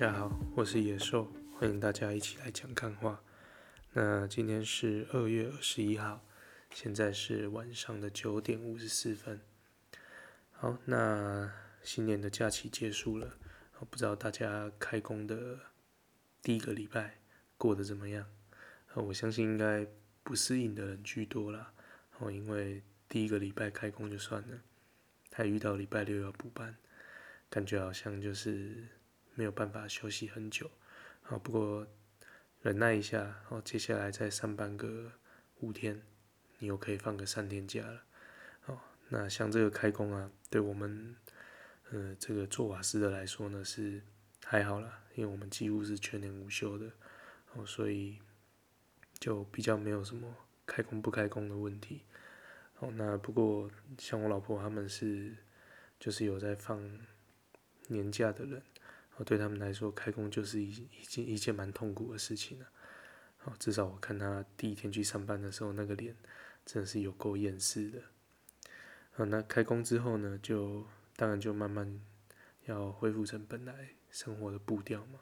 大家好，我是野獸，歡迎大家一起來講看話。那今天是二月二十一號，現在是晚上的九點五十四分。好，那新年的假期結束了，不知道大家開工的第一個禮拜過得怎麼樣？我相信應該不適應的人居多啦，因為第一個禮拜開工就算了，還遇到禮拜六要補班，感覺好像就是。沒有辦法休息很久，啊，不過忍耐一下，哦，接下來再上班個五天，你又可以放個三天假了，哦，那像這個開工啊，對我們，呃，這個做瓦斯的來說呢是還好啦，因為我們幾乎是全年無休的，哦，所以就比較沒有什麼開工不開工的問題，哦，那不過像我老婆他們是就是有在放年假的人。對他們來說，開工就是一一件一件蠻痛苦的事情了、啊。至少我看他第一天去上班的時候，那個臉真的是有夠厭世的。那開工之後呢，就當然就慢慢要恢復成本來生活的步調嘛。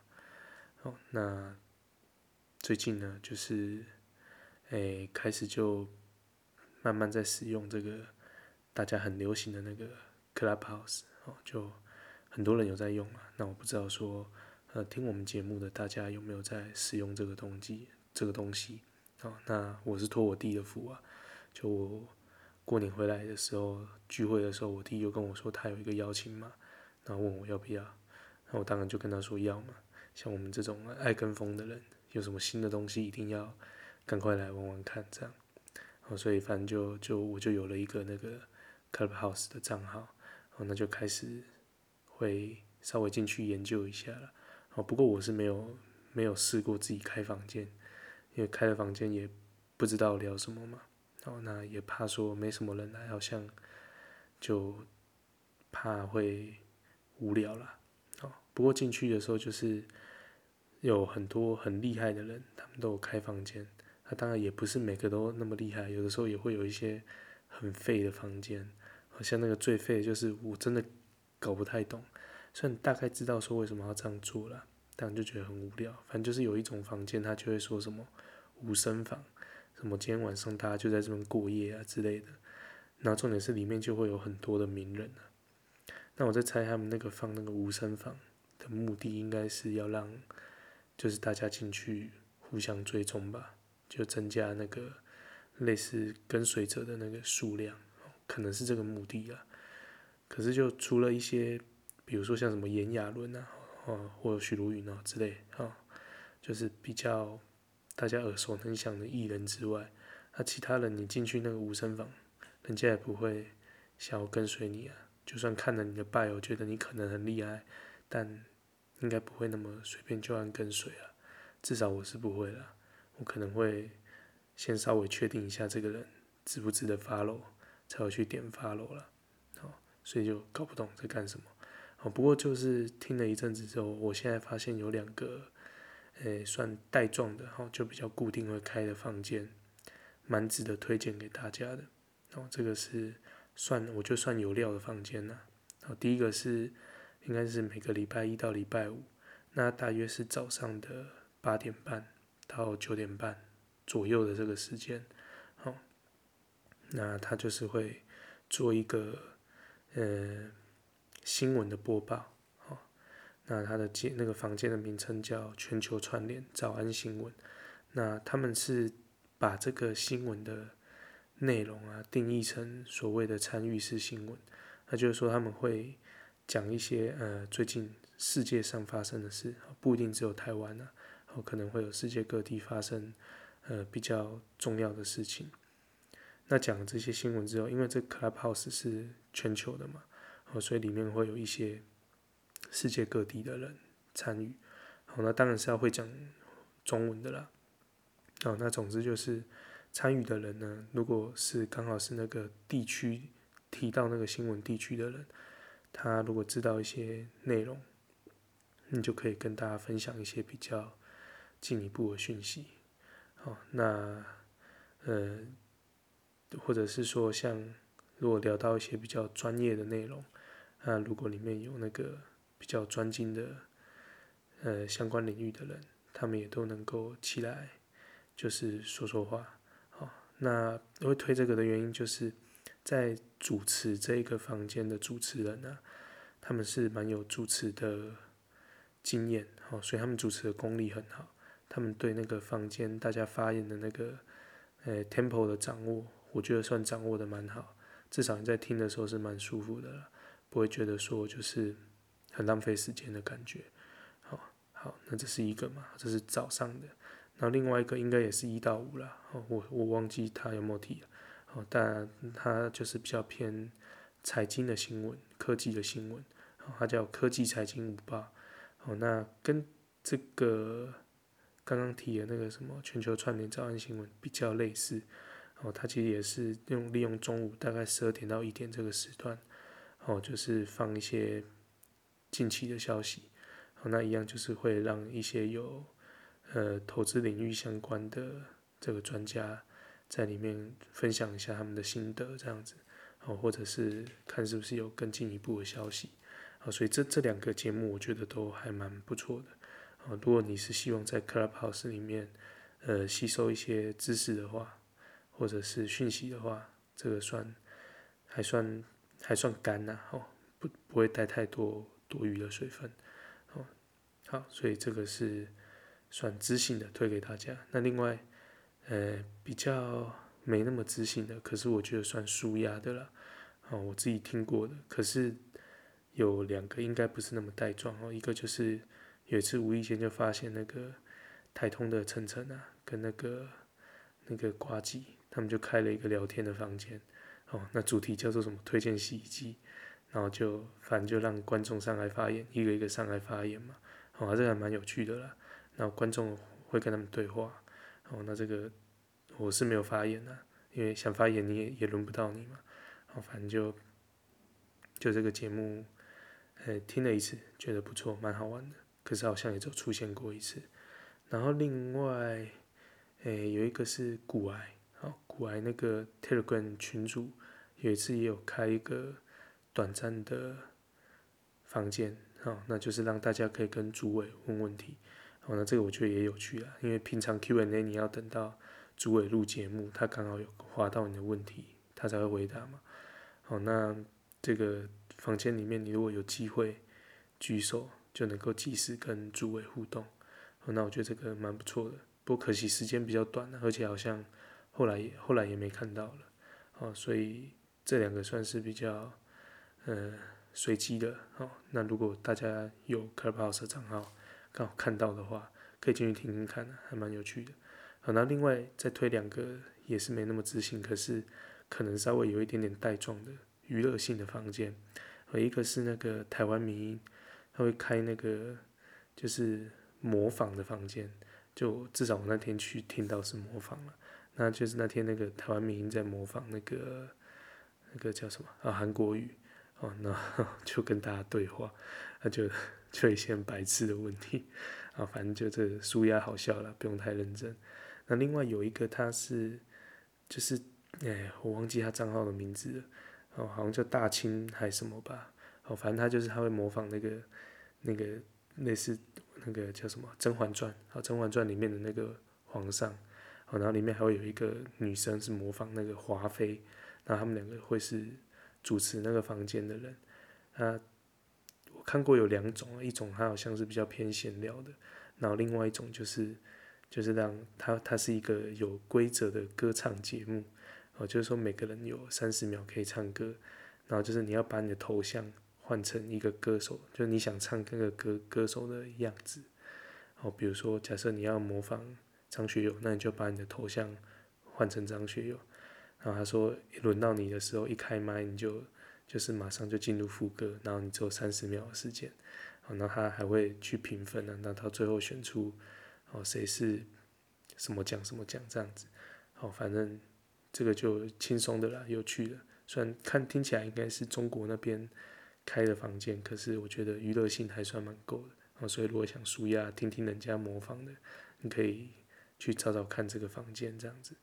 那最近呢，就是誒、欸、開始就慢慢在使用這個大家很流行的那個 Clubhouse，哦就。很多人有在用啊，那我不知道說，呃，聽我們節目的大家有沒有在使用這個東西？這個東西，好、哦，那我是托我弟的福啊，就我過年回來的時候，聚會的時候，我弟又跟我說他有一個邀請碼，然後問我要不要，那我當然就跟他說要嘛。像我們這種愛跟風的人，有什麼新的東西一定要趕快來玩玩看，這樣，好、哦，所以反正就就我就有了一個那個 Clubhouse 的賬號，然後、哦、那就開始。會稍微進去研究一下了，哦，不過我是沒有沒有試過自己開房間，因為開了房間也不知道聊什麼嘛，然後那也怕說沒什麼人來，好像就怕會無聊了，哦，不過進去的時候就是有很多很厲害的人，他們都有開房間，那、啊、當然也不是每個都那麼厲害，有的時候也會有一些很廢的房間，好像那個最廢就是我真的。搞不太懂，雖然大概知道說為什麼要這樣做了，但就覺得很無聊。反正就是有一種房間，他就會說什麼無聲房，什麼今天晚上大家就在這邊過夜啊之類的。然後重點是裡面就會有很多的名人啊。那我在猜他們那個放那個無聲房的目的，應該是要讓就是大家進去互相追蹤吧，就增加那個類似跟隨者的那個數量，可能是這個目的啊。可是就除了一些，比如說像什麼炎亞綸啊，或許茹芸啊之類，哈、啊，就是比較大家耳熟能詳的藝人之外，那、啊、其他人你進去那個無聲房，人家也不會想要跟隨你啊。就算看了你的 bio，我覺得你可能很厲害，但應該不會那麼隨便就按跟隨啊。至少我是不會啦，我可能會先稍微確定一下這個人值不值得 follow，才會去點 follow 啦。所以就搞不懂在幹什麼。好，不過就是聽了一陣子之後，我現在發現有兩個，誒、欸，算帶狀的，好，就比較固定會開的房間，蠻值得推薦給大家的。好，這個是算我就算有料的房間啦。好，第一個是應該是每個禮拜一到禮拜五，那大約是早上的八點半到九點半左右的這個時間。好，那他就是會做一個。呃，新聞的播報，哦、那他的間那個房間的名稱叫全球串聯早安新聞。那他們是把這個新聞的內容啊定義成所謂的參與式新聞，那就是說他們會講一些呃最近世界上發生的事，不一定只有台灣啊、哦，可能會有世界各地發生呃比較重要的事情。那講這些新聞之後，因為這 Clubhouse 是。全球的嘛，好，所以裡面會有一些世界各地的人參與。好，那當然是要會講中文的啦。哦，那總之就是參與的人呢，如果是剛好是那個地區提到那個新聞地區的人，他如果知道一些內容，你就可以跟大家分享一些比較進一步的訊息。好，那呃，或者是說像。如果聊到一些比較專業的內容，那如果裡面有那個比較專精的，呃，相關領域的人，他們也都能夠起來，就是說說話。哦，那我會推這個的原因，就是在主持這一個房間的主持人呢、啊，他們是蠻有主持的經驗，哦，所以他們主持的功力很好，他們對那個房間大家發言的那個呃 tempo 的掌握，我覺得算掌握的蠻好。至少你在聽的時候是蠻舒服的，不會覺得說就是很浪費時間的感覺。好，好，那這是一個嘛，這是早上的。那另外一個應該也是一到五啦。哦，我我忘記他有沒有提了。哦，但他就是比較偏財經的新聞、科技的新聞。好，它叫科技財經五八。好，那跟這個剛剛提的那個什麼全球串聯早安新聞比較類似。它其實也是用利用中午大概十二點到一點這個時段，哦，就是放一些近期的消息，好，那一樣就是會讓一些有呃投資領域相關的這個專家在裡面分享一下他們的心得，這樣子，哦，或者是看是不是有更進一步的消息，好，所以這這兩個節目我覺得都還蠻不錯的，哦，如果你是希望在 Clubhouse 裡面呃吸收一些知識的話或者是訊息的話，這個算還算還算乾吶、啊，哦，不不會帶太多多餘的水分，哦好，所以這個是算知性的推給大家。那另外，呃比較沒那麼知性的，可是我覺得算舒壓的了，哦我自己聽過的，可是有兩個應該不是那麼帶狀哦，一個就是有一次無意間就發現那個台通的晨晨啊，跟那個那個呱吉。他們就開了一個聊天的房間，哦，那主題叫做什麼？推薦洗衣機，然後就反正就讓觀眾上來發言，一個一個上來發言嘛，哦，這個還蠻有趣的啦。然後觀眾會跟他們對話，哦，那這個我是沒有發言的，因為想發言你也也輪不到你嘛。然後反正就就這個節目，欸，聽了一次，覺得不錯，蠻好玩的。可是好像也就出現過一次。然後另外，哎，欸，有一個是骨癌。古埃那個 Telegram 群組，有一次也有開一個短暫的房間，好，那就是讓大家可以跟主委問問題。好，那這個我覺得也有趣啊，因為平常 Q&A 你要等到主委錄節目，他剛好有劃到你的問題，他才會回答嘛。好，那這個房間裡面，你如果有機會舉手，就能夠及時跟主委互動。好，那我覺得這個蠻不錯的，不過可惜時間比較短啊，而且好像。後來後來也沒看到了，哦，所以這兩個算是比較，呃，隨機的。哦，那如果大家有 Clubhouse 的賬號，剛好看到的話，可以進去聽聽看，還蠻有趣的。好、哦，那另外再推兩個，也是沒那麼自信，可是可能稍微有一點點帶狀的娛樂性的房間。和、呃、一個是那個台灣民音，他會開那個就是模仿的房間，就至少我那天去聽到是模仿了。那就是那天那個台灣明星在模仿那個那個叫什麼啊，韓國語哦，那就跟大家對話，那、啊、就就一些很白痴的問題啊、哦，反正就這個舒壓好笑了，不用太認真。那另外有一個他是就是哎，我忘記他賬號的名字了，哦好像叫大清還是什麼吧，哦反正他就是他會模仿那個那個類似那個叫什麼《甄嬛傳》啊、哦，《甄嬛傳》裡面的那個皇上。然後裡面還會有一個女生是模仿那個華妃，然後他們兩個會是主持那個房間的人。啊，我看過有兩種，一種她好像是比較偏閒聊的，然後另外一種就是就是讓她她是一個有規則的歌唱節目。哦、啊，就是說每個人有三十秒可以唱歌，然後就是你要把你的頭像換成一個歌手，就是你想唱那個歌歌手的樣子。哦、啊，比如說假設你要模仿。張學友，那你就把你的頭像換成張學友，然後他說輪到你的時候，一開麥你就就是馬上就進入副歌，然後你只有三十秒的時間，然後他還會去評分呢，啊，那他最後選出哦誰是什麼獎什麼獎這樣子，哦，反正這個就輕鬆的啦，有趣的，雖然看聽起來應該是中國那邊開的房間，可是我覺得娛樂性還算蠻夠的，所以如果想舒壓，聽聽人家模仿的，你可以，去找找看這個房間這樣子，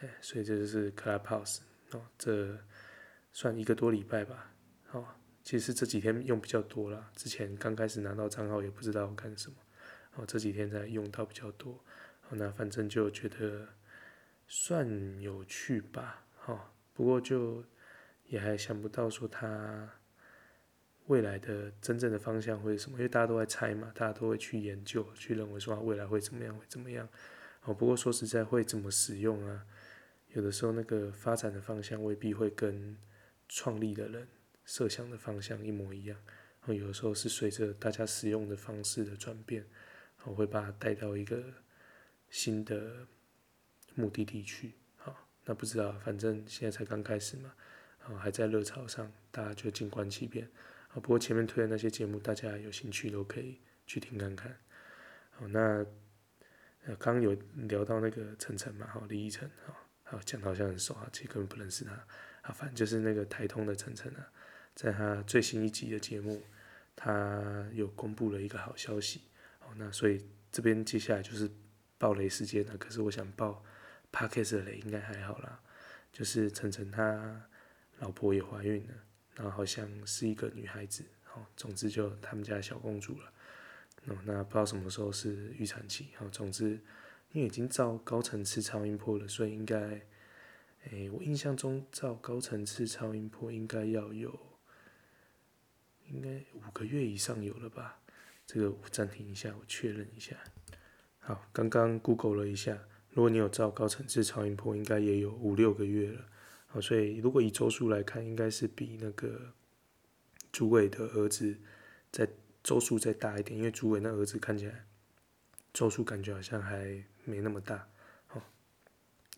哎，所以這就是 Clubhouse 哦，這算一個多禮拜吧，好、哦，其實這幾天用比較多啦，之前剛開始拿到賬號也不知道幹什麼，哦，這幾天才用到比較多，哦，那反正就覺得算有趣吧，哈，哦，不過就也還想不到說它未來的真正的方向會是什麼，因為大家都在猜嘛，大家都會去研究去認為說未來會怎麼樣會怎麼樣。哦，不過說實在，會怎麼使用啊？有的時候那個發展的方向未必會跟創立的人設想的方向一模一樣，然後有的時候是隨着大家使用的方式的轉變，我會把它帶到一個新的目的地去。好，那不知道，反正現在才剛開始嘛，還在熱潮上，大家就靜觀其變。啊，不過前面推的那些節目，大家有興趣都可以去聽看看。好，那。剛有聊到那個晨晨嘛，哈，李依晨，哈，講的好像很熟啊，其實根本不認識他，啊，反正就是那個台通的晨晨啊，在他最新一集的節目，他有公布了一個好消息，哦，那所以這邊接下來就是暴雷事件了，可是我想爆 Podcast 的雷應該還好啦，就是晨晨他老婆也懷孕了，然後好像是一個女孩子，哦，總之就他們家小公主了。哦，那不知道什麼時候是預產期。好，總之，因為已經照高層次超音波了，所以應該，誒、欸，我印象中照高層次超音波應該要有，應該五個月以上有了吧？這個我暫停一下，我確認一下。好，剛剛 Google 了一下，如果你有照高層次超音波，應該也有五六個月了。好，所以如果以周數來看，應該是比那個朱偉的兒子在。週數再大一點，因為主委的兒子看起來，週數感覺好像還沒那麼大，哦，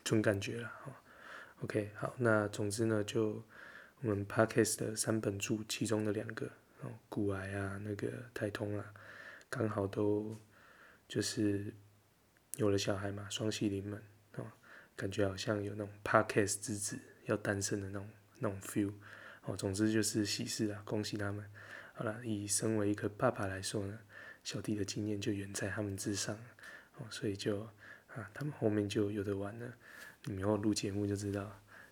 這種感覺了，哦，OK，好，那總之呢，就我們 Podcast 的三本柱其中的兩個，哦，古埃啊，那個泰通啊，剛好都就是有了小孩嘛，雙喜臨門，哦，感覺好像有那種 Podcast 之子要誕生的那種那種 feel，哦，總之就是喜事啊，恭喜他們。好啦，以身為一個爸爸來說呢，小弟的經驗就遠在他們之上，哦，所以就啊，他們後面就有的玩了。你們以後錄節目就知道，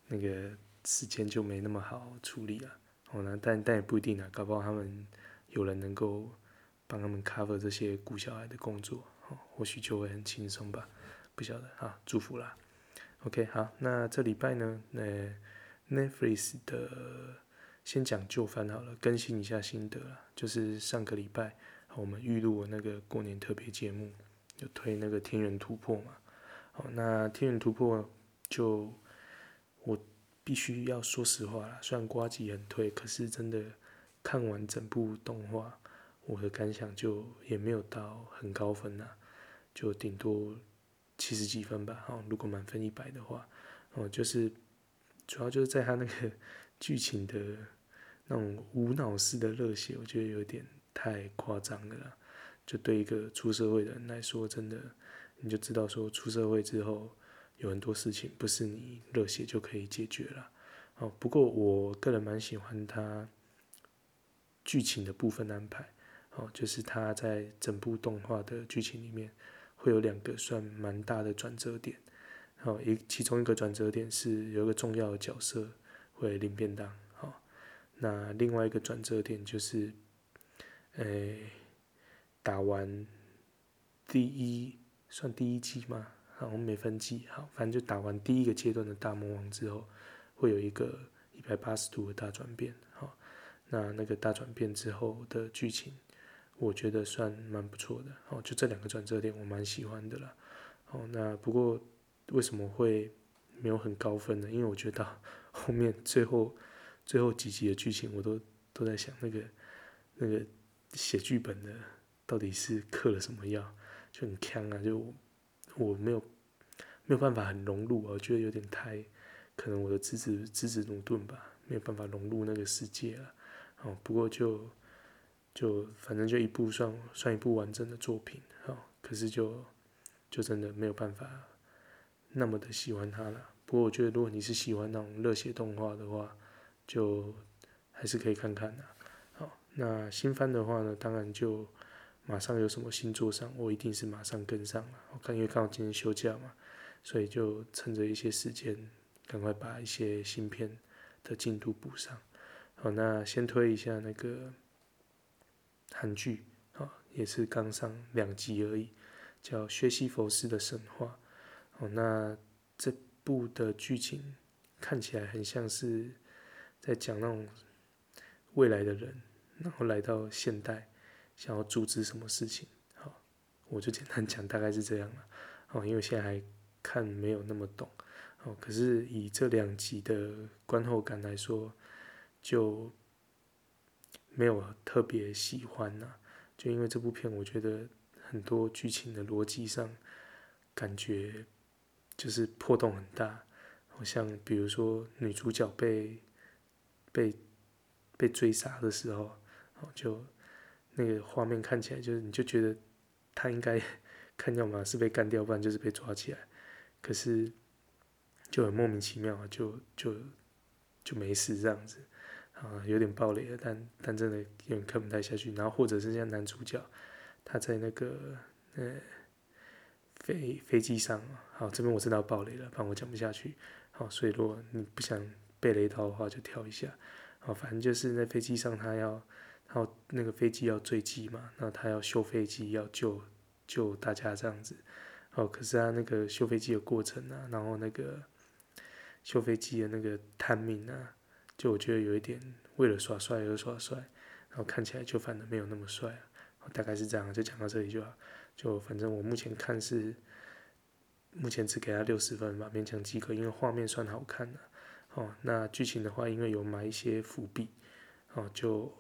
那個時間就沒那麼好處理了。哦，那但但也不一定啊，搞不好他們有人能夠幫他們 cover 這些顧小孩的工作，哦，或許就會很輕鬆吧，不曉得啊，祝福啦。OK，好，那這禮拜呢，那 Netflix 的。先講舊番好了，更新一下心得就是上個禮拜，我們預錄我那個過年特別節目，就推那個《天人突破》嘛。那《天人突破》就我必須要說實話啦，雖然瓜機很推，可是真的看完整部動畫，我的感想就也沒有到很高分吶，就頂多七十幾分吧。好，如果滿分一百的話，哦，就是主要就是在他那個劇情的。那種無腦式的熱血，我覺得有點太誇張了。就對一個出社會的人來說，真的你就知道說出社會之後有很多事情不是你熱血就可以解決了。哦，不過我個人蠻喜歡他劇情的部分安排。哦，就是他在整部動畫的劇情裡面會有兩個算蠻大的轉折點。哦，一其中一個轉折點是有一個重要的角色會領便當。那另外一個轉折點就是，誒、欸，打完第一算第一季嘛，好，我們沒分季，哈，反正就打完第一個階段的大魔王之後，會有一個一百八十度的大轉變，好，那那個大轉變之後的劇情，我覺得算蠻不錯的，好，就這兩個轉折點我蠻喜歡的啦，哦，那不過為什麼會沒有很高分呢？因為我覺得後面最後。最後幾集的劇情，我都都在想，那個，那個那個寫劇本的到底是嗑了什麼藥，就很鏘啊！就我，我沒有沒有辦法很融入，啊、我覺得有點太可能我的資質資質駑鈍吧，沒有辦法融入那個世界了，啊。好，不過就就反正就一部算算一部完整的作品，好，可是就就真的沒有辦法那麼的喜歡他了。不過我覺得，如果你是喜歡那種熱血動畫的話，就還是可以看看的。好，那新番的話呢，當然就馬上有什麼新作上，我一定是馬上跟上了。我看因為剛好今天休假嘛，所以就趁着一些時間，趕快把一些新片的進度補上。好，那先推一下那個韓劇，啊，也是剛上兩集而已，叫《薛西弗斯的神話》。好，那這部的劇情看起來很像是。在講那種未來的人，然後來到現代，想要阻止什麼事情？好，我就簡單講，大概是這樣了。哦，因為現在還看沒有那麼懂。哦，可是以這兩集的觀後感來說，就沒有特別喜歡吶、啊。就因為這部片，我覺得很多劇情的邏輯上感覺就是破洞很大，好像比如說女主角被。被被追殺的時候，哦，就那個畫面看起來就是，你就覺得他應該看見我們是被幹掉，不然就是被抓起來。可是就很莫名其妙，就就就，就沒事這樣子啊，有點爆雷了，但但真的有點看不太下去。然後或者是像男主角，他在那個那飛飛機上，好，這邊我知道爆雷了，不然我講不下去。好，所以如果你不想。被雷到的話就跳一下，哦，反正就是在飛機上，他要，然後那個飛機要墜機嘛，那他要修飛機，要救救大家這樣子，哦，可是他那個修飛機的過程啊，然後那個修飛機的那個 timing 啊，就我覺得有一點為了耍帥而耍帥，然後看起來就反正沒有那麼帥啊，大概是這樣，就講到這裡就好，就反正我目前看是目前只給他六十分吧，勉強及格，因為畫面算好看的啊。哦，那劇情的話，因為有埋一些伏筆，哦，就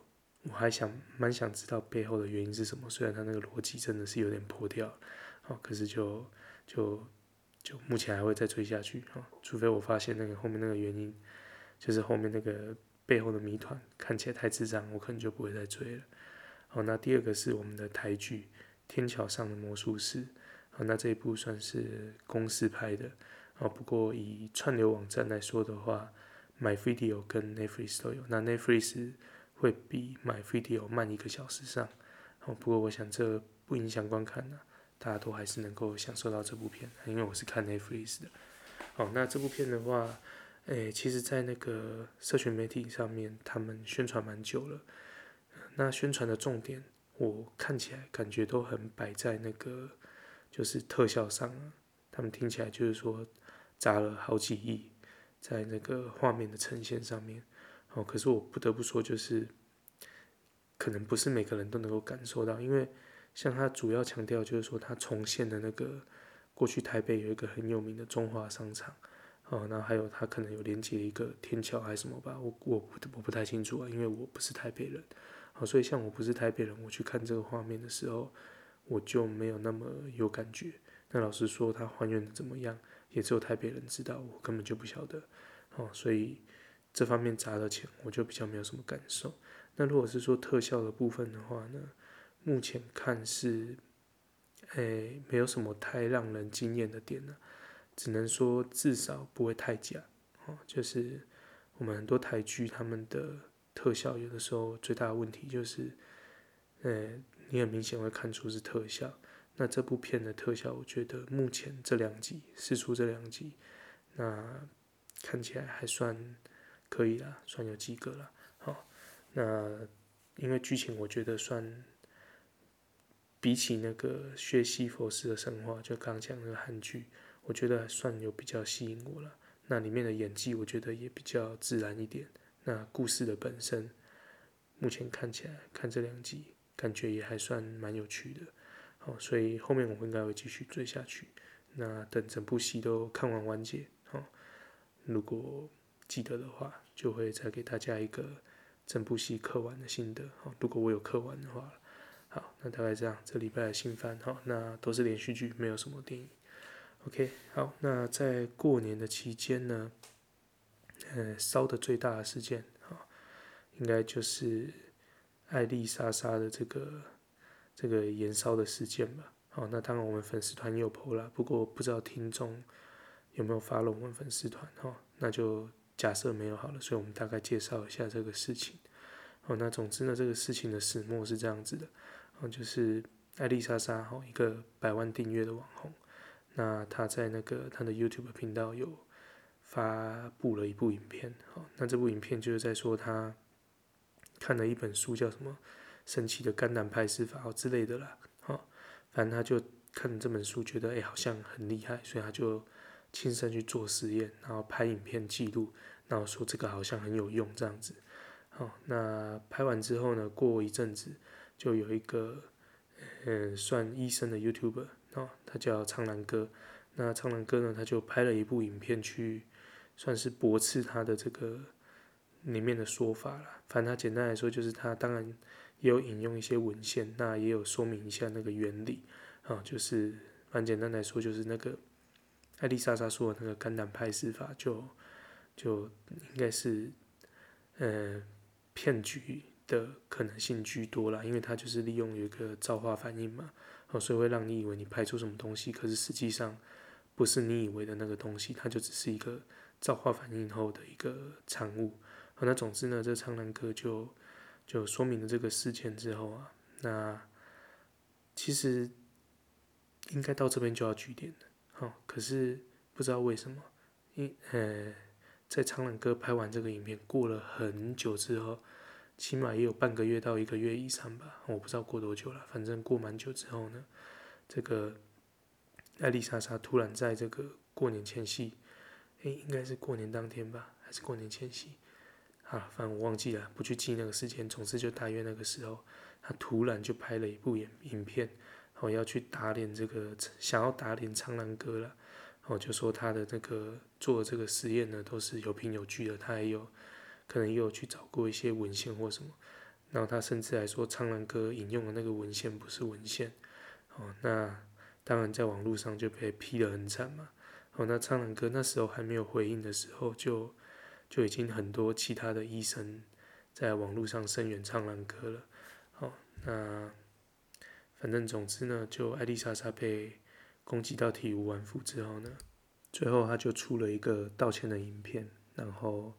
我還想蠻想知道背後的原因是什麼。雖然它那個邏輯真的是有點破掉，哦，可是就就就目前還會再追下去，哈，哦，除非我發現那個後面那個原因，就是後面那個背後的謎團看起來太智障，我可能就不會再追了。哦，那第二個是我們的台劇《天橋上的魔術師》，哦，好，那這一部算是公司拍的。哦，不過以串流網站來說的話，買 Video 跟 Netflix 都有，那 Netflix 會比買 Video 慢一個小時上。哦，不過我想這不影響觀看，啊、大家都還是能夠享受到這部片，因為我是看 Netflix 的。哦，那這部片的話，誒、欸，其實在那個社群媒體上面，他們宣傳蠻久了。那宣傳的重點，我看起來感覺都很擺在那個，就是特效上，啊。他們聽起來就是說。砸了好幾億在那個畫面的呈現上面，哦，可是我不得不說，就是可能不是每個人都能夠感受到，因為像他主要強調就是說，他重現的那個過去台北有一個很有名的中華商場，哦，然後還有他可能有連接一個天橋還是什麼吧，我我不我不太清楚啊，因為我不是台北人，所以像我不是台北人，我去看這個畫面的時候，我就沒有那麼有感覺。那老實說，他還原的怎麼樣？也只有台北人知道，我根本就不曉得，哦，所以這方面砸的錢，我就比較沒有什麼感受。那如果是說特效的部分的話呢，目前看是，誒、欸，沒有什麼太讓人驚艷的點呢、啊，只能說至少不會太假，哦，就是我們很多台劇他們的特效，有的時候最大的問題就是，呃、欸，你很明顯會看出是特效。那這部片的特效，我覺得目前這兩集，試出這兩集，那看起來還算可以啦，算有及格了。好，那因為劇情我覺得算比起那個《薛西弗斯》的神話，就剛講那個韓劇，我覺得還算有比較吸引我了。那裡面的演技我覺得也比較自然一點。那故事的本身，目前看起來看這兩集，感覺也還算蠻有趣的。所以後面我們應該會繼續追下去。那等整部戲都看完完結，好、哦，如果記得的話，就會再給大家一個整部戲看完的心得。好、哦，如果我有看完的話，好，那大概這樣，這禮拜的新番，好、哦，那都是連續劇，沒有什麼電影。OK，好，那在過年的期間呢，燒、呃、的最大的事件，哦、應該就是艾莉莎莎的這個。這個延燒的事件吧，好，那當然我們粉絲團也有 po 啦，不過不知道聽眾有沒有 follow 我們粉絲團哈，那就假設沒有好了，所以我們大概介紹一下這個事情，好，那總之呢，這個事情的始末是這樣子的，好，就是艾莉莎莎哈，一個百萬訂閱的網紅，那她在那個她的 YouTube 頻道有發布了一部影片，好，那這部影片就是在說她看了一本書叫什麼？神奇的肝膽排石法之類的啦，哦、反正他就看這本書，覺得哎、欸、好像很厲害，所以他就親身去做實驗，然後拍影片記錄，然後說這個好像很有用這樣子。哦、那拍完之後呢，過一陣子就有一個嗯、呃、算醫生的 YouTuber 哦，他叫蒼藍鴿。那蒼藍鴿呢，他就拍了一部影片去算是駁斥他的這個裡面的說法了。反正他簡單來說就是他當然。也有引用一些文獻，那也有說明一下那個原理啊，就是蠻簡單來說，就是那個艾莉莎莎說的那個肝膽排石法，就就應該是呃騙局的可能性居多啦，因為它就是利用有一個皂化反應嘛，啊，所以會讓你以為你排出什麼東西，可是實際上不是你以為的那個東西，它就只是一個皂化反應後的一個產物。啊，那總之呢，這蒼藍鴿就。就說明了這個事件之後啊，那其實應該到這邊就要據點的，好，哦，可是不知道為什麼，因呃，在蒼藍鴿拍完這個影片過了很久之後，起碼也有半個月到一個月以上吧，我不知道過多久了，反正過蠻久之後呢，這個艾麗莎莎突然在這個過年前夕，誒、欸，應該是過年當天吧，還是過年前夕？啊，反正我忘記了，不去記那個時間，總之就大約那個時候，他突然就拍了一部影片，然、哦、後要去打臉這個想要打臉蒼蘭哥了，然、哦、後就說他的那個做這個實驗呢都是有憑有據的，他也有可能也有去找過一些文獻或什麼，然後他甚至還說蒼蘭哥引用的那個文獻不是文獻，哦，那當然在網絡上就被批得很慘嘛，哦，那蒼蘭哥那時候還沒有回應的時候就。就已經很多其他的醫生在網絡上聲援蒼藍鴿了。哦，那反正總之呢，就艾莉莎莎被攻擊到體無完膚之後呢，最後他就出了一個道歉的影片。然後，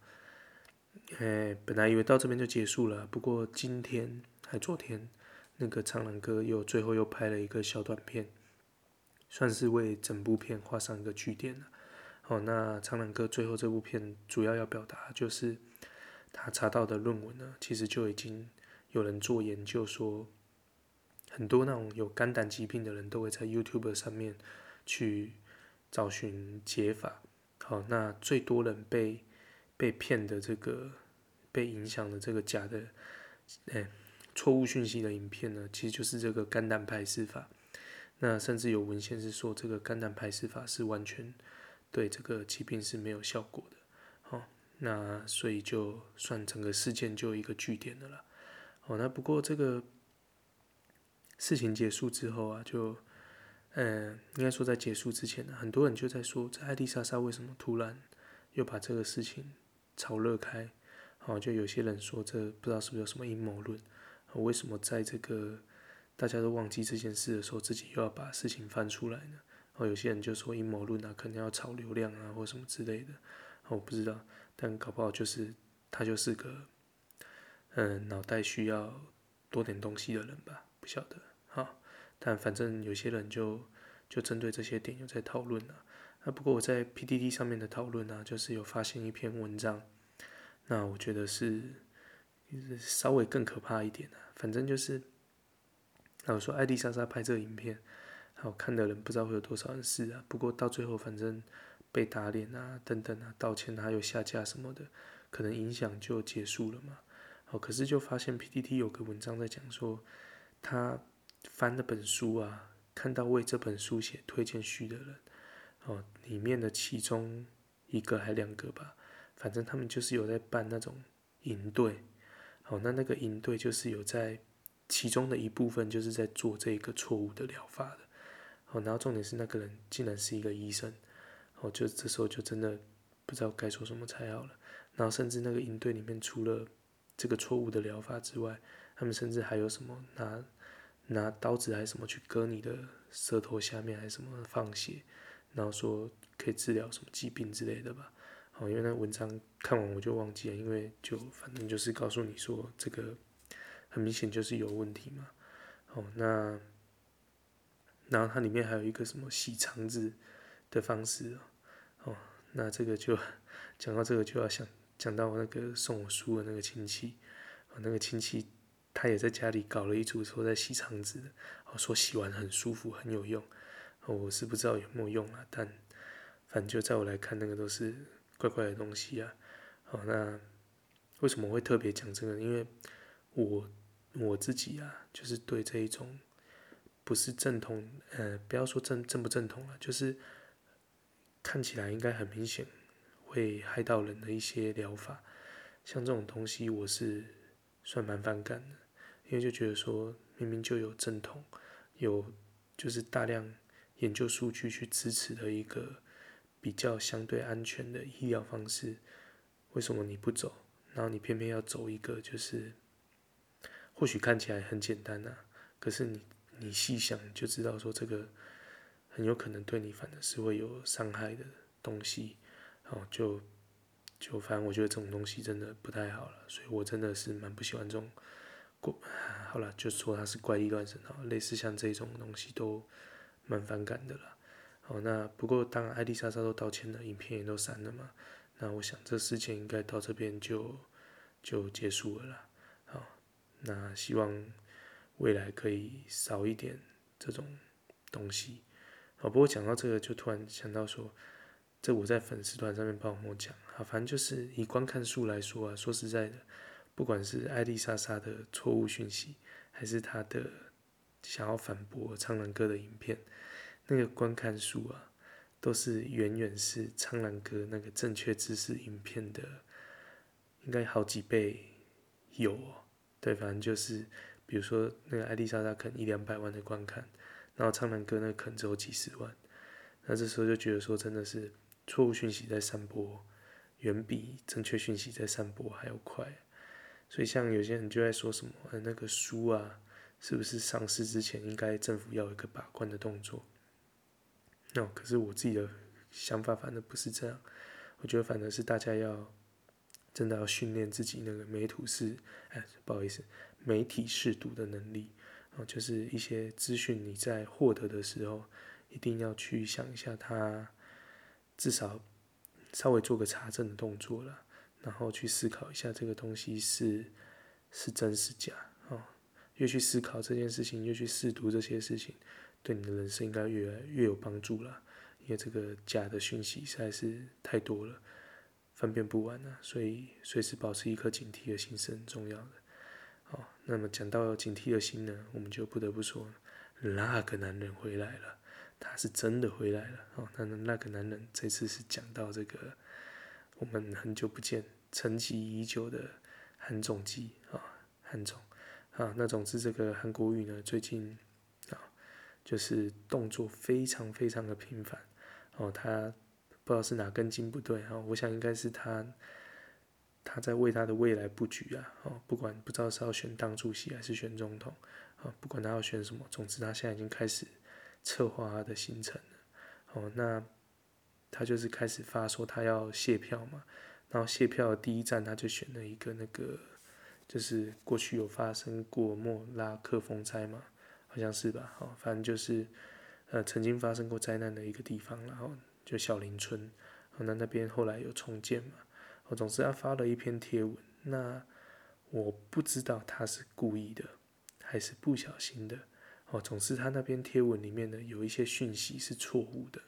哎、欸，本來以為到這邊就結束了，不過今天還昨天，那個蒼藍鴿又最後又拍了一個小短片，算是為整部片畫上一個句點了。好，那蒼藍鴿最後這部片主要要表達就是，他查到的論文呢，其實就已經有人做研究說，很多那種有肝膽疾病的人都會在 YouTube 上面去找尋解法。好，那最多人被被騙的這個被影響的這個假的哎錯誤訊息的影片呢，其實就是這個肝膽排石法。那甚至有文獻是說，這個肝膽排石法是完全。對這個疾病是沒有效果的，哦。那所以就算整個事件就一個句點的了啦，哦，那不過這個事情結束之後啊，就，嗯應該說在結束之前呢、啊，很多人就在說，這艾莉莎莎為什麼突然又把這個事情炒熱開，哦，就有些人說這不知道是不是有什麼陰謀論，為什麼在這個大家都忘記這件事的時候，自己又要把事情翻出來呢？然、哦、後有些人就說陰謀論啊，可能要炒流量啊，或什麼之類的。哦、我不知道，但搞不好就是他就是個，嗯，腦袋需要多點東西的人吧，不曉得。好、哦，但反正有些人就就針對這些點有在討論了。那、啊、不過我在 PTT 上面的討論呢，就是有發現一篇文章，那我覺得是稍微更可怕一點的、啊。反正就是，那、啊、我說艾莉莎莎拍這個影片。好看的人不知道會有多少人是啊！不過到最後反正被打臉啊，等等啊，道歉、啊、還有下架什麼的，可能影響就結束了嘛。哦，可是就發現 PTT 有個文章在講說，他翻了本書啊，看到為這本書寫推薦序的人，哦，裡面的其中一個還兩個吧，反正他們就是有在辦那種營隊。好，那那個營隊就是有在其中的一部分就是在做這個錯誤的療法的。哦、然後重點是那個人竟然是一個醫生，我、哦、就這時候就真的不知道該說什麼才好了。然後甚至那個營隊裡面除了這個錯誤的療法之外，他們甚至還有什麼拿拿刀子還是什麼去割你的舌頭下面還是什麼放血，然後說可以治療什麼疾病之類的吧。好、哦，因為那文章看完我就忘記了，因為就反正就是告訴你說這個很明顯就是有問題嘛。好、哦，那。然後它裡面還有一個什麼洗腸子的方式哦，哦那這個就講到這個就要想講到我那個送我書的那個親戚，我、哦、那個親戚他也在家裡搞了一組說在洗腸子哦，說洗完很舒服很有用，哦我是不知道有沒有用啊，但反正就在我來看那個都是怪怪的東西啊。好、哦，那為什麼我會特別講這個？因為我我自己啊，就是對這一種。不是正統，呃，不要說正正不正統了，就是看起來應該很明顯會害到人的一些療法，像這種東西我是算蠻反感的，因為就覺得說明明就有正統，有就是大量研究數據去支持的一個比較相對安全的醫療方式，為什麼你不走？然後你偏偏要走一個就是或許看起來很簡單啊，可是你。你細想就知道，說這個很有可能對你反正是會有傷害的東西，哦，就就反正我覺得這種東西真的不太好了，所以我真的是蠻不喜歡這種過好了，就說他是怪力亂神哦，類似像這種東西都蠻反感的啦。好，那不過當艾莉莎莎都道歉了，影片也都刪了嘛。那我想這事情應該到這邊就就結束了啦。好，那希望。未來可以少一點這種東西，好，不過講到這個，就突然想到說，這我在粉絲團上面幫我們講。好，反正就是以觀看數來說啊，說實在的，不管是艾莉莎莎的錯誤訊息，還是她的想要反駁蒼藍鴿的影片，那個觀看數啊，都是遠遠是蒼藍鴿那個正確知識影片的，應該好幾倍有、哦、對，反正就是。比如說那個《艾莉莎莎》她可能一兩百萬的觀看，然後《蒼藍鴿》那可能只有幾十萬，那這時候就覺得說真的是錯誤訊息在散播，遠比正確訊息在散播還要快。所以像有些人就在說什麼，那個書啊，是不是上市之前應該政府要有一個把關的動作？那、no, 可是我自己的想法，反而不是這樣。我覺得反而是大家要真的要訓練自己那個媒體識讀，哎，不好意思。媒體識讀的能力，啊、哦，就是一些資訊你在獲得的時候，一定要去想一下，它，至少稍微做個查證的動作了，然後去思考一下這個東西是是真是假啊、哦。越去思考這件事情，越去識讀這些事情，對你的人生應該越來越有幫助了。因為這個假的訊息實在是太多了，分辨不完了，所以隨時保持一顆警惕的心是很重要的。哦，那麼講到警惕的心呢，我們就不得不說那個男人回來了，他是真的回來了。哦，那那個男人這次是講到這個我們很久不見、沉寂已久的韓總機啊，韓、哦、總、哦、那總之這個韓國瑜呢，最近、哦、就是動作非常非常的頻繁。哦，他不知道是哪根筋不對、哦、我想應該是他。他在為他的未來布局啊，哦，不管不知道是要選黨主席還是選總統，哦，不管他要選什麼，總之他現在已經開始策劃他的行程了，哦，那他就是開始發說他要謝票嘛，然後謝票的第一站他就選了一個那個，就是過去有發生過莫拉克風災嘛，好像是吧，哦，反正就是呃曾經發生過災難的一個地方啦，然後就小林村，哦，哦，那那邊後來有重建嘛。哦，總之他發了一篇貼文，那我不知道他是故意的還是不小心的。哦，總之他那篇貼文裡面呢，有一些訊息是錯誤的。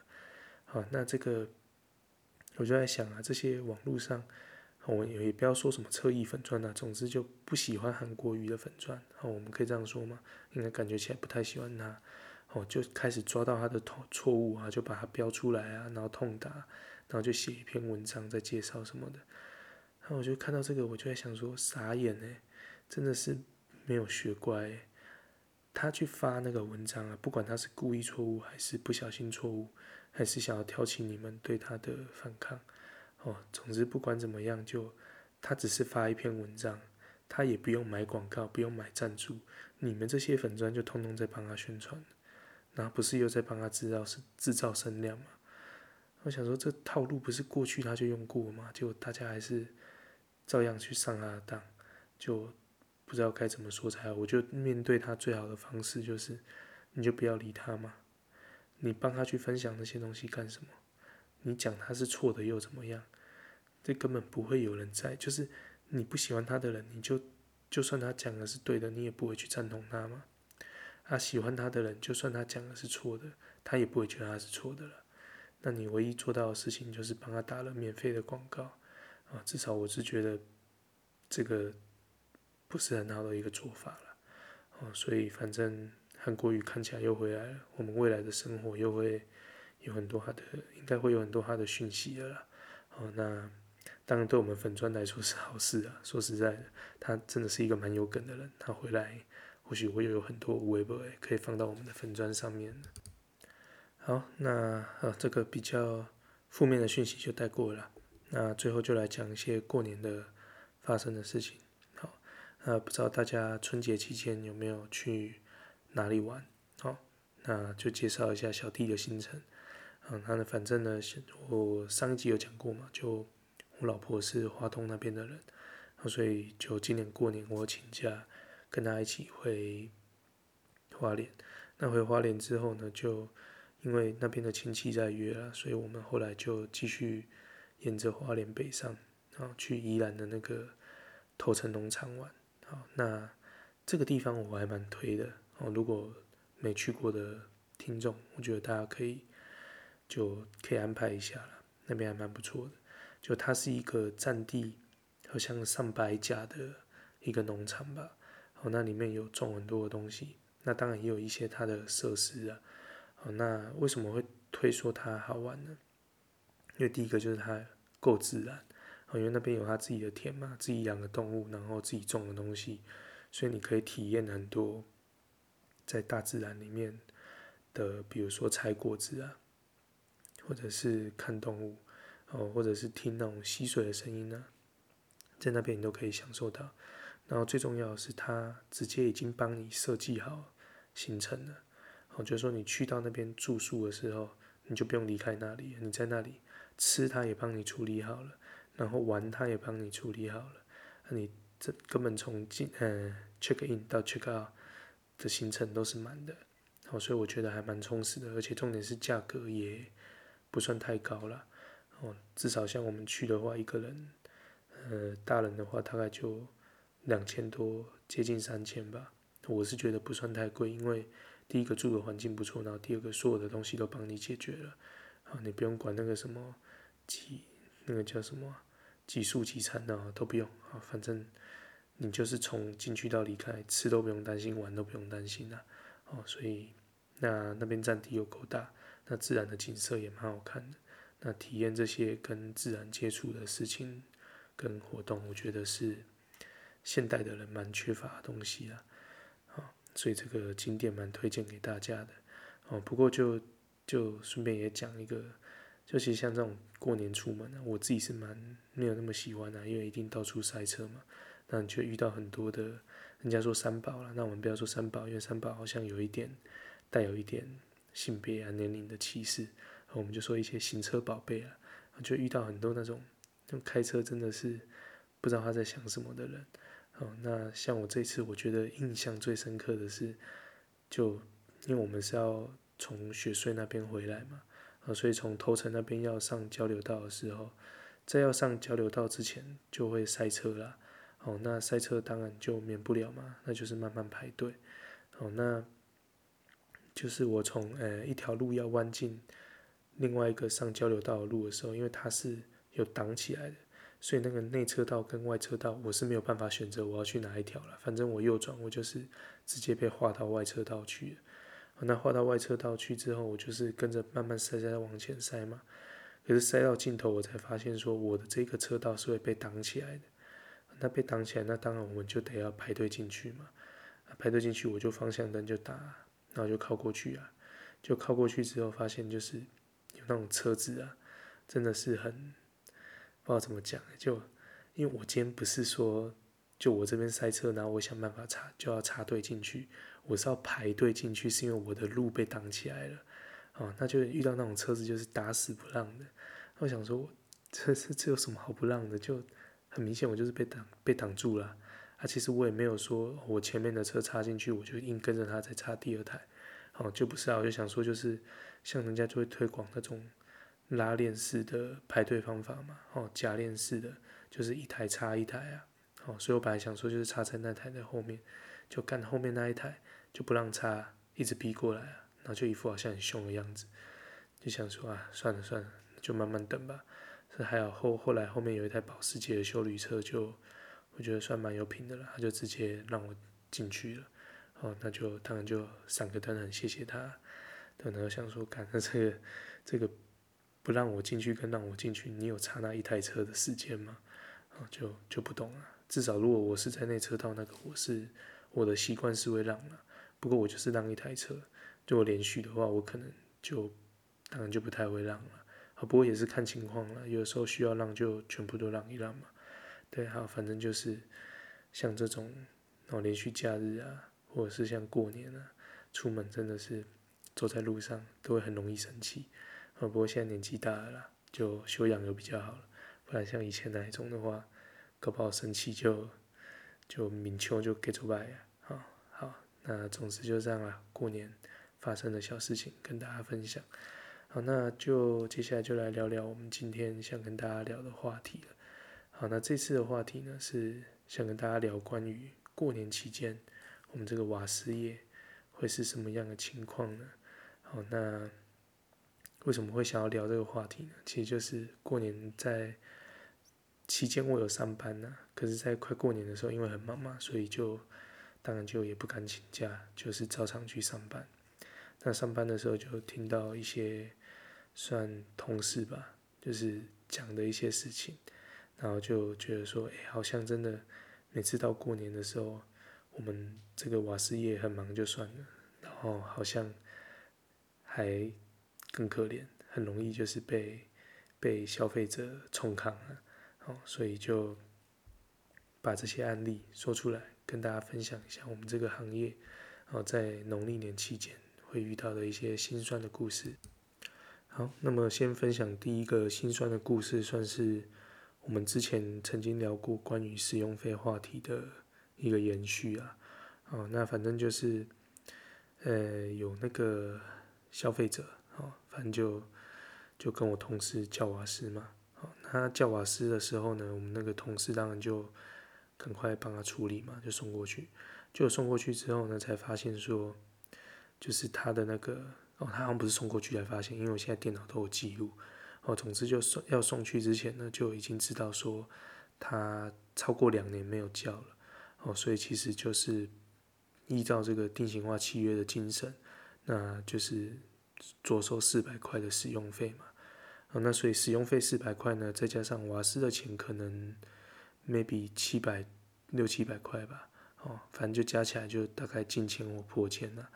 好，那這個我就在想啊，這些網絡上，我也不要說什麼側翼粉專啊。總之就不喜歡韓國瑜的粉專。好，我們可以這樣說嘛？應該感覺起來不太喜歡他。哦，就開始抓到他的錯誤啊，就把他標出來啊，然後痛打。然後就寫一篇文章在介紹什麼的，然後我就看到這個我就在想說傻眼呢、欸，真的是沒有學乖、欸，他去發那個文章啊，不管他是故意錯誤還是不小心錯誤，還是想要挑起你們對他的反抗，哦，總之不管怎麼樣就，他只是發一篇文章，他也不用買廣告，不用買贊助，你們這些粉專就通通在幫他宣傳，然後不是又在幫他制造是製造聲量嗎？我想說，這套路不是過去他就用過嗎？就大家還是照樣去上他的當，就不知道該怎麼說才好。我就面對他最好的方式就是，你就不要理他嘛。你幫他去分享那些東西幹什麼？你講他是錯的又怎麼樣？這根本不會有人在。就是你不喜歡他的人，你就就算他講的是對的，你也不會去贊同他嘛。啊，喜歡他的人，就算他講的是錯的，他也不會覺得他是錯的了。那你唯一做到的事情就是幫他打了免費的廣告。啊，至少我是覺得這個不是很好的一個做法了，哦、啊，所以反正韓國瑜看起來又回來了，我們未來的生活又會有很多他的，應該會有很多他的訊息了啦，哦、啊，那當然對我們粉專來說是好事啊，說實在的，他真的是一個蠻有梗的人，他回來或許會有很多微博哎可以放到我們的粉專上面。好，那這個比較負面的訊息就帶過了。那最後就來講一些過年的發生的事情。好，那不知道大家春節期間有沒有去哪裡玩？好，那就介紹一下小弟的行程。嗯，他呢，反正呢，我上一集有講過嘛，就我老婆是花東那邊的人，所以就今年過年我請假，跟他一起回花蓮。那回花蓮之後呢，就因為那邊的親戚在約了，所以我們後來就繼續沿着花蓮北上，然後，去宜蘭的那個頭城農場玩。好，那這個地方我還蠻推的，如果沒去過的聽眾，我覺得大家可以就可以安排一下了，那邊還蠻不錯的。就它是一個佔地好像上百甲的一個農場吧，那裡面有種很多的東西，那當然也有一些它的設施啊。好，那為什麼會推說它好玩呢？因為第一個就是它夠自然，因為那邊有它自己的田嘛，自己養的動物，然後自己種的東西，所以你可以體驗很多在大自然裡面的，比如說採果子啊，或者是看動物，哦，或者是聽那種溪水的聲音啊，在那邊你都可以享受到。然後最重要的是，它直接已經幫你設計好行程了。我覺得、就是、說，你去到那邊住宿的時候，你就不用離開那裡，你在那裡吃，他也幫你處理好了，然後玩他也幫你處理好了，那、啊、你這根本從進呃 check in 到 check out 的行程都是滿的，哦，所以我覺得還蠻充實的，而且重點是價格也不算太高了，哦，至少像我們去的話，一個人，呃，大人的話大概就兩千多，接近三千吧，我是覺得不算太貴，因為。第一個住的環境不錯，然後第二個所有的東西都幫你解決了，啊，你不用管那個什麼，幾，那個叫什麼，幾宿幾餐呢、啊、都不用，啊，反正你就是從進去到離開，吃都不用擔心，玩都不用擔心的、啊，所以那那邊佔地又夠大，那自然的景色也蠻好看的，那體驗這些跟自然接觸的事情跟活動，我覺得是現代的人蠻缺乏的東西啦、啊。所以這個景點蠻推薦給大家的哦。不過就就順便也講一個，就其實像這種過年出門啊，我自己是蠻沒有那麼喜歡啊，因為一定到處塞車嘛。那你就遇到很多的，人家說三寶啦，那我們不要說三寶，因為三寶好像有一點帶有一點性別啊年齡的歧視。我們就說一些行車寶貝啊，就遇到很多那種，那種開車真的是不知道他在想什麼的人。哦，那像我這次，我覺得印象最深刻的是，就因為我們是要從雪隧那邊回來嘛，所以從頭城那邊要上交流道的時候，在要上交流道之前就會塞車啦。哦，那塞車當然就免不了嘛，那就是慢慢排隊。哦，那就是我從呃、欸、一條路要彎進另外一個上交流道的路的時候，因為它是有擋起來的。所以那個內車道跟外車道，我是沒有辦法選擇我要去哪一條了。反正我右轉，我就是直接被劃到外車道去了。啊，那劃到外車道去之後，我就是跟着慢慢塞塞塞往前塞嘛。可是塞到盡頭，我才發現說我的這個車道是會被擋起來的。啊，那被擋起來，那當然我們就得要排隊進去嘛。啊，排隊進去，我就方向燈就打，然後就靠過去啊。就靠過去之後，發現就是有那種車子啊，真的是很。不知道怎麼講，就因為我今天不是說，就我這邊塞車，然後我想辦法插，就要插隊進去。我是要排隊進去，是因為我的路被擋起來了。哦，那就遇到那種車子就是打死不讓的。我想說，這是這這有什麼好不讓的？就很明顯，我就是被擋被擋住了。啊，其實我也沒有說我前面的車插進去，我就硬跟着他再插第二台。啊就不是啊，我就想說，就是像人家就會推廣那種。拉鏈式的排隊方法嘛，哦、喔，夾鏈式的就是一台插一台啊，哦、喔，所以我本來想說就是插在那台的後面，就看後面那一台就不讓插，一直逼過來啊，然後就一副好像很凶的樣子，就想說啊，算了算了，就慢慢等吧。這還有後後來後面有一台保時捷的休旅車就，就我覺得算蠻有品的了，他就直接讓我進去了，哦、喔，那就當然就閃個燈很謝謝他，然後想說趕上這個這個。這個不讓我進去跟讓我進去，你有差那一台車的時間嗎？啊，就就不懂了。至少如果我是在那車道那個，我是我的習慣是會讓了。不過我就是讓一台車，就我連續的話，我可能就當然就不太會讓了。啊，不過也是看情況了。有時候需要讓就全部都讓一讓嘛。對，好，反正就是像這種，然後連續假日啊，或者是像過年啊，出門真的是走在路上都會很容易生氣。哦，不過現在年紀大了啦，就修養又比較好了，不然像以前那一種的話，搞不好生氣就就明秋就 get 出來呀。好、哦，好，那總之就這樣啦。過年發生的小事情跟大家分享。好，那就接下來就來聊聊我們今天想跟大家聊的話題了。好，那這次的話題呢是想跟大家聊關於過年期間我們這個瓦斯業會是什麼樣的情況呢？好，那。為什麼會想要聊這個話題呢？其實就是過年在期間我有上班吶、啊，可是在快過年的時候，因為很忙嘛，所以就當然就也不敢請假，就是照常去上班。那上班的時候就聽到一些算同事吧，就是講的一些事情，然後就覺得說，哎、欸，好像真的每次到過年的時候，我們這個瓦斯業很忙就算了，然後好像還。更可憐，很容易就是被被消費者衝康了，好，所以就把這些案例說出來，跟大家分享一下我們這個行業，好，在農曆年期間會遇到的一些心酸的故事。好，那麼先分享第一個心酸的故事，算是我們之前曾經聊過關於使用費話題的一個延續啊。哦，那反正就是呃有那個消費者。就就跟我同事叫瓦斯嘛，哦，那他叫瓦斯的時候呢，我們那個同事當然就趕快幫他處理嘛，就送過去。就送過去之後呢，才發現說，就是他的那個哦，他好像不是送過去才發現，因為我現在電腦都有記錄哦。總之就送要送去之前呢，就已經知道說他超過兩年沒有叫了哦，所以其實就是依照這個定型化契約的精神，那就是。著收四百塊的使用費嘛，哦，那所以使用費四百塊呢，再加上瓦斯的錢可能 maybe 七百六七百塊吧，哦，反正就加起來就大概近千或破千了，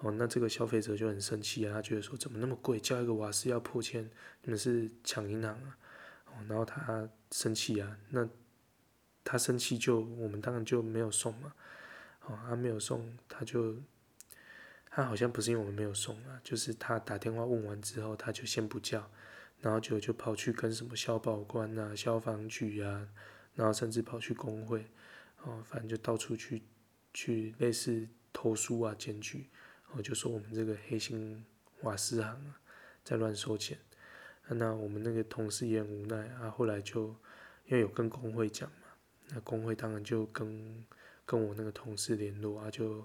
哦，那這個消費者就很生氣啊，他覺得說怎麼那麼貴，叫一個瓦斯要破千，你們是搶銀行啊，哦，然後他生氣啊，那他生氣就我們當然就沒有送嘛，哦，他沒有送他就。他好像不是因為我們沒有送啊，就是他打電話問完之後，他就先不叫，然後就就跑去跟什麼消保官啊、消防局啊，然後甚至跑去工會，哦，反正就到處去去類似投訴啊、檢舉，然後、哦、就說我們這個黑心瓦斯行啊在亂收錢，那、啊、那我們那個同事也很無奈啊，後來就因為有跟工會講嘛，那工會當然就跟跟我那個同事聯絡啊就。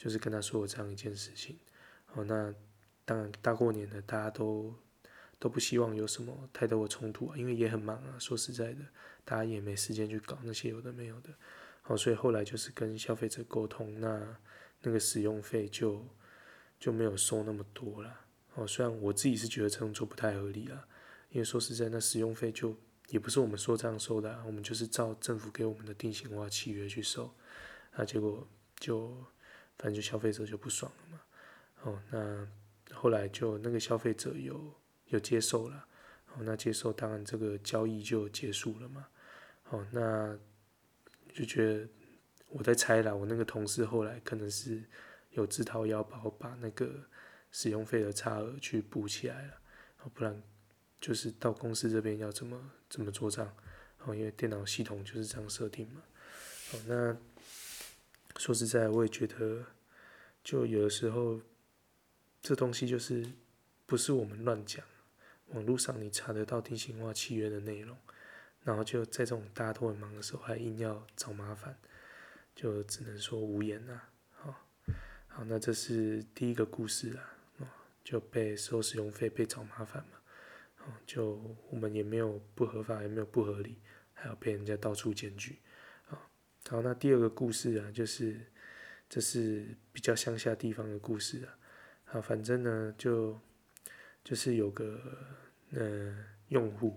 就是跟他說我這樣一件事情，好，那當然大過年的大家都都不希望有什麼太多的衝突啊，因為也很忙啊。說實在的，大家也沒時間去搞那些有的沒有的，好，所以後來就是跟消費者溝通，那那個使用費就就沒有收那麼多了。好，雖然我自己是覺得這樣做不太合理啊，因為說實在，那使用費就也不是我們說這樣收的啊，我們就是照政府給我們的定型化契約去收，那結果就。反正就消費者就不爽了嘛，哦，那後來就那個消費者有有接受了，哦，那接受當然這個交易就結束了嘛，哦，那就覺得我在猜啦，我那個同事後來可能是有自掏腰包把那個使用費的差額去補起來了，哦，不然就是到公司這邊要怎麼怎麼做賬，哦，因為電腦系統就是這樣設定嘛，哦，那。說實在，我也覺得，就有的時候，這東西就是不是我們亂講。網絡上你查得到定型化契約的內容，然後就在這種大家都很忙的時候，還硬要找麻煩，就只能說無言啦、啊。好、哦，好，那這是第一個故事啊，哦、就被收使用費，被找麻煩嘛、哦。就我們也沒有不合法，也沒有不合理，還要被人家到處檢舉。好，那第二個故事啊，就是這是比較鄉下地方的故事啊。好，反正呢，就就是有個嗯、呃、用戶啊、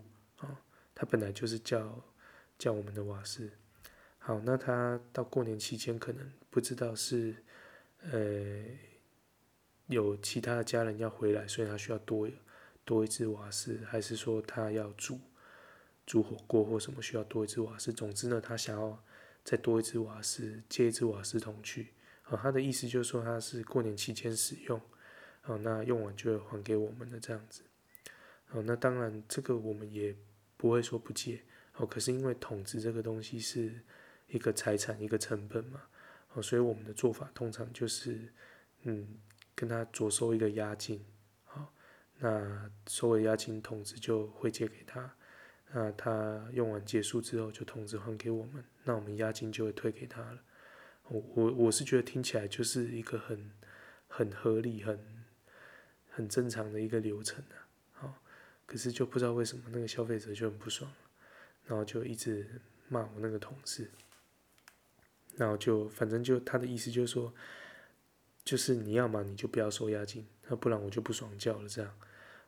哦，他本來就是叫叫我們的瓦斯。好，那他到過年期間可能不知道是呃有其他的家人要回來，所以他需要多多一支瓦斯，還是說他要煮煮火鍋或什麼需要多一支瓦斯？總之呢，他想要。再多一只瓦斯，借一只瓦斯桶去。啊、哦，他的意思就是說他是過年期間使用，啊、哦，那用完就會還給我們的這樣子。哦，那當然這個我們也不會說不借。哦，可是因為桶子這個東西是一個財產，一個成本嘛。哦，所以我們的做法通常就是，嗯，跟他酌收一個押金。好，哦，那收了押金，桶子就會借給他。那他用完結束之後，就桶子還給我們。那我們押金就會退給他了。我我我是覺得聽起來就是一個很很合理、很很正常的一個流程啊。好，可是就不知道為什麼那個消費者就很不爽了，然後就一直罵我那個同事。然後就反正就他的意思就是說，就是你要嘛你就不要收押金，那不然我就不爽叫了這樣。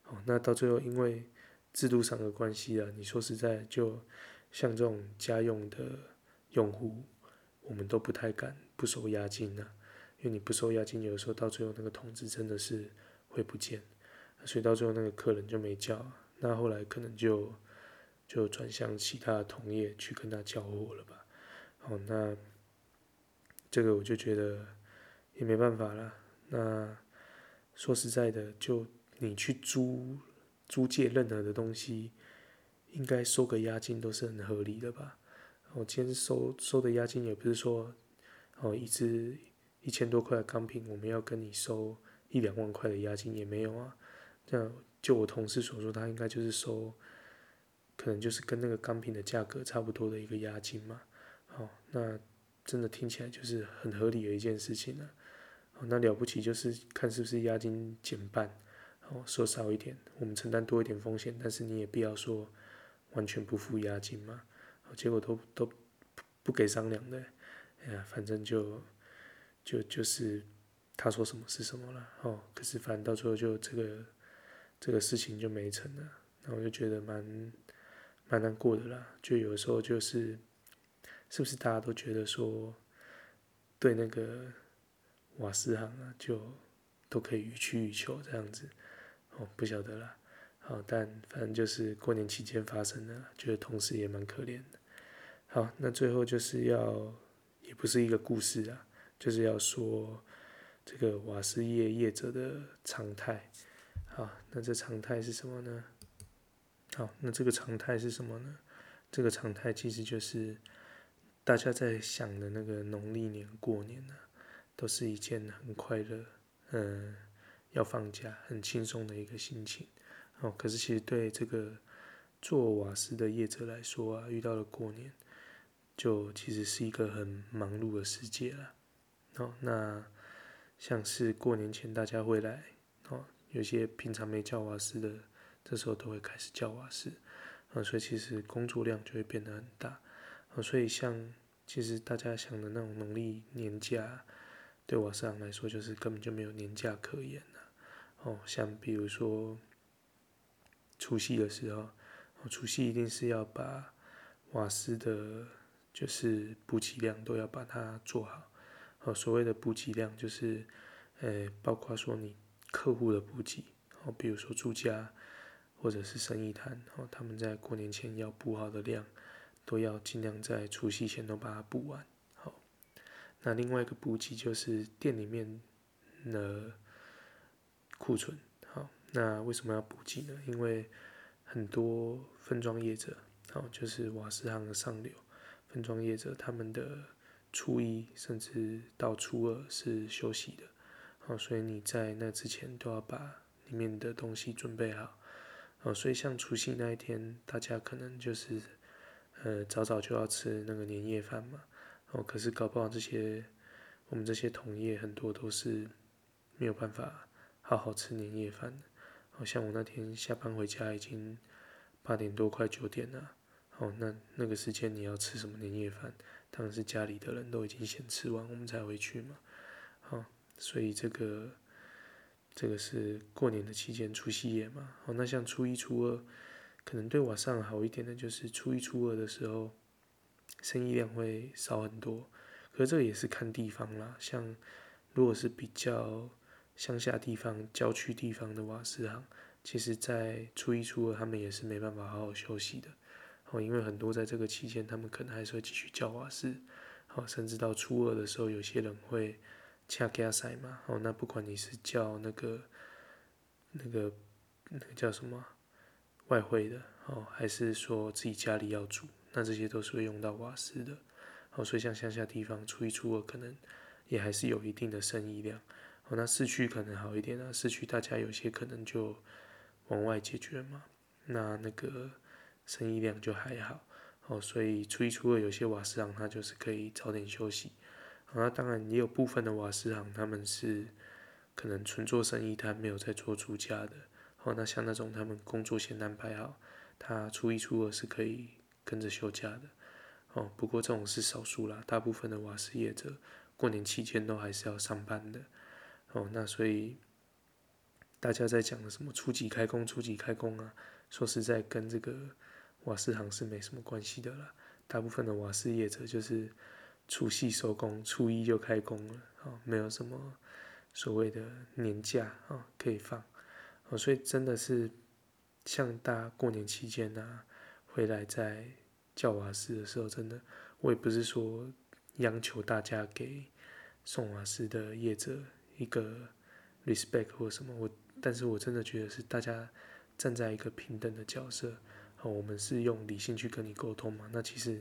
好，那到最後因為制度上的關係啊，你說實在就像這種家用的。用戶，我們都不太敢不收押金啊，因為你不收押金，有的時候到最後那個通知真的是會不見，所以到最後那個客人就沒叫，那後來可能就就轉向其他的同業去跟他交貨了吧。好，那這個我就覺得也沒辦法啦。那說實在的，就你去租租借任何的東西，應該收個押金都是很合理的吧。我今天收收的押金也不是說，哦，一支一千多塊的鋼瓶，我們要跟你收一兩萬塊的押金也沒有啊。那就我同事所說，他應該就是收，可能就是跟那個鋼瓶的價格差不多的一個押金嘛。哦，那真的聽起來就是很合理的一件事情了啊。那了不起就是看是不是押金減半，哦，收少一點，我們承擔多一點風險，但是你也不要說完全不付押金嘛。結果都都不,不給商量的，哎呀，反正就就就是他說什麼是什麼了哦。可是反正到最後就這個這個事情就沒成了，然後我就覺得蠻蠻難過的啦。就有時候就是是不是大家都覺得說對那個瓦斯行啊，就都可以予取予求這樣子哦？不曉得啦。好，但反正就是過年期間發生的，覺得同事也蠻可憐的。好，那最後就是要也不是一個故事啊，就是要說這個瓦斯業業者的常態。好，那這常態是什麼呢？好，那這個常態是什麼呢？這個常態其實就是大家在想的那個農曆年過年呢，都是一件很快樂，嗯，要放假，很輕鬆的一個心情。哦，可是其實對這個做瓦斯的業者來說啊，遇到了過年。就其實是一個很忙碌的世界了，哦，那像是過年前大家會來，哦，有些平常沒叫瓦斯的，這時候都會開始叫瓦斯，啊、哦，所以其實工作量就會變得很大，啊、哦，所以像其實大家想的那種農曆年假，對瓦斯行來說就是根本就沒有年假可言了、啊，哦，像比如說除夕的時候，哦、除夕一定是要把瓦斯的就是補給量都要把它做好，好，好，所謂的補給量就是，呃、欸，包括說你客戶的補給，好，比如說住家或者是生意攤，好，他們在過年前要補好的量，都要盡量在除夕前都把它補完，好。那另外一個補給就是店裡面的庫存，好，那為什麼要補給呢？因為很多分裝業者，好，就是瓦斯行的上流。跟從業者，他們的初一甚至到初二是休息的，好，所以你在那之前都要把裡面的東西準備好。好，所以像除夕那一天，大家可能就是，呃，早早就要吃那個年夜飯嘛，然後可是搞不好這些，我們這些同業很多都是沒有辦法好好吃年夜飯的。好，像我那天下班回家已經八點多快九點了。哦，那那個時間你要吃什麼年夜飯？當然是家裡的人都已經先吃完，我們才回去嘛。好、哦，所以這個這個是過年的期間，除夕夜嘛。哦，那像初一、初二，可能對瓦斯行好一點的，就是初一、初二的時候，生意量會少很多。可是這個也是看地方啦，像如果是比較鄉下地方、郊區地方的瓦斯行，其實，在初一、初二他們也是沒辦法好好休息的。哦，因為很多在這個期間，他們可能還是會繼續叫瓦斯，好，甚至到初二的時候，有些人會掐給啊塞嘛，哦，那不管你是叫那個那個那個叫什麼外燴的，哦，還是說自己家裡要煮，那這些都是會用到瓦斯的，哦，所以像鄉下地方初一初二可能也還是有一定的生意量，哦，那市區可能好一點啊，市區大家有些可能就往外解決嘛，那那個。生意量就還好，哦，所以初一初二有些瓦斯行他就是可以早點休息，啊、哦，那當然也有部分的瓦斯行他們是可能純做生意，他沒有在做出家的，哦，那像那種他們工作先安排好，他初一初二是可以跟着休假的，哦，不過這種是少數啦，大部分的瓦斯業者過年期間都還是要上班的，哦，那所以大家在講的什麼初幾開工，初幾開工啊，說實在跟這個。瓦斯行是沒什麼關係的了，大部分的瓦斯業者就是除夕收工，初一就開工了啊、哦，沒有什麼所謂的年假啊、哦、可以放，啊、哦，所以真的是像大過年期間呢、啊，回來在叫瓦斯的時候，真的我也不是說央求大家給送瓦斯的業者一個 respect 或什麼，我但是我真的覺得是大家站在一個平等的角色。我們是用理性去跟你溝通嘛？那其實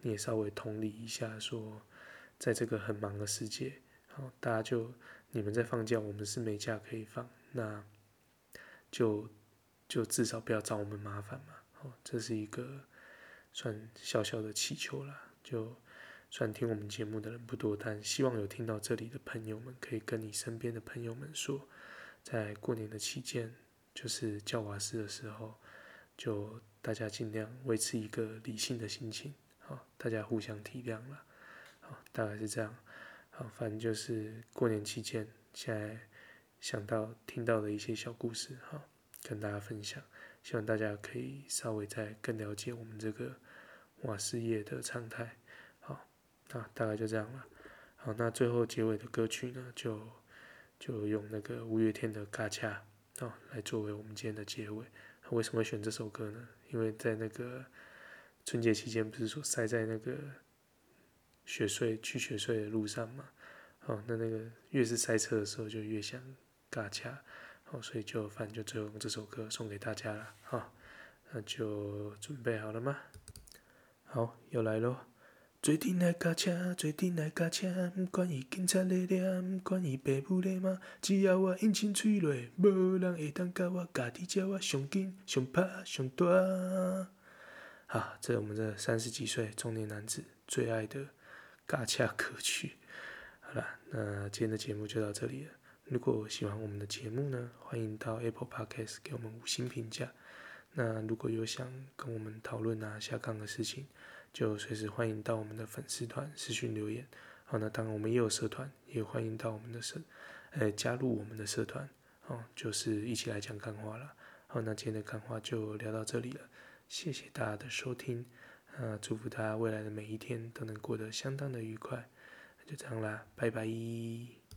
你也稍微同理一下，說，在這個很忙的世界，好，大家就你們在放假，我們是沒假可以放，那就，就就至少不要找我們麻煩嘛。好，這是一個算小小的祈求啦。就算聽我們節目的人不多，但希望有聽到這裡的朋友們，可以跟你身邊的朋友們說，在過年的期間，就是叫瓦斯的時候，就。大家盡量維持一個理性的心情，好，大家互相體諒了，好，大概是這樣，好，反正就是過年期間，現在想到聽到的一些小故事，好，跟大家分享，希望大家可以稍微再更了解我們這個瓦斯業的常態，好，那大概就這樣了，好，那最後結尾的歌曲呢，就就用那個五月天的《軋車》，啊，來作為我們今天的結尾，為什麼會選這首歌呢？因為在那個春節期間，不是說塞在那個雪隧去雪隧的路上嘛？哦，那那個越是塞車的時候，就越想軋車，好、哦，所以就反正就最後這首歌送給大家了哈、哦。那就準備好了嗎？好，又來嘍！作陣來軋車，作陣來軋車，不管伊警察底抓，不管伊父母底罵，只要我引擎催落，無人可當甲我軋，在這我最快最趴最大。啊，這是我們這三十幾歲中年男子最愛的軋車歌曲。好啦，那今天的節目就到這裡了。如果喜歡我們的節目呢，歡迎到 Apple Podcast 給我們五星評價。那如果有想跟我們討論啊下崗的事情，就隨時歡迎到我們的粉絲團私訊留言，好，那當然我們也有社團，也歡迎到我們的社，呃，加入我們的社團，哦，就是一起來講幹話了。好，那今天的幹話就聊到這裡了，謝謝大家的收聽，那、呃、祝福大家未來的每一天都能過得相當的愉快，就這樣啦，拜拜。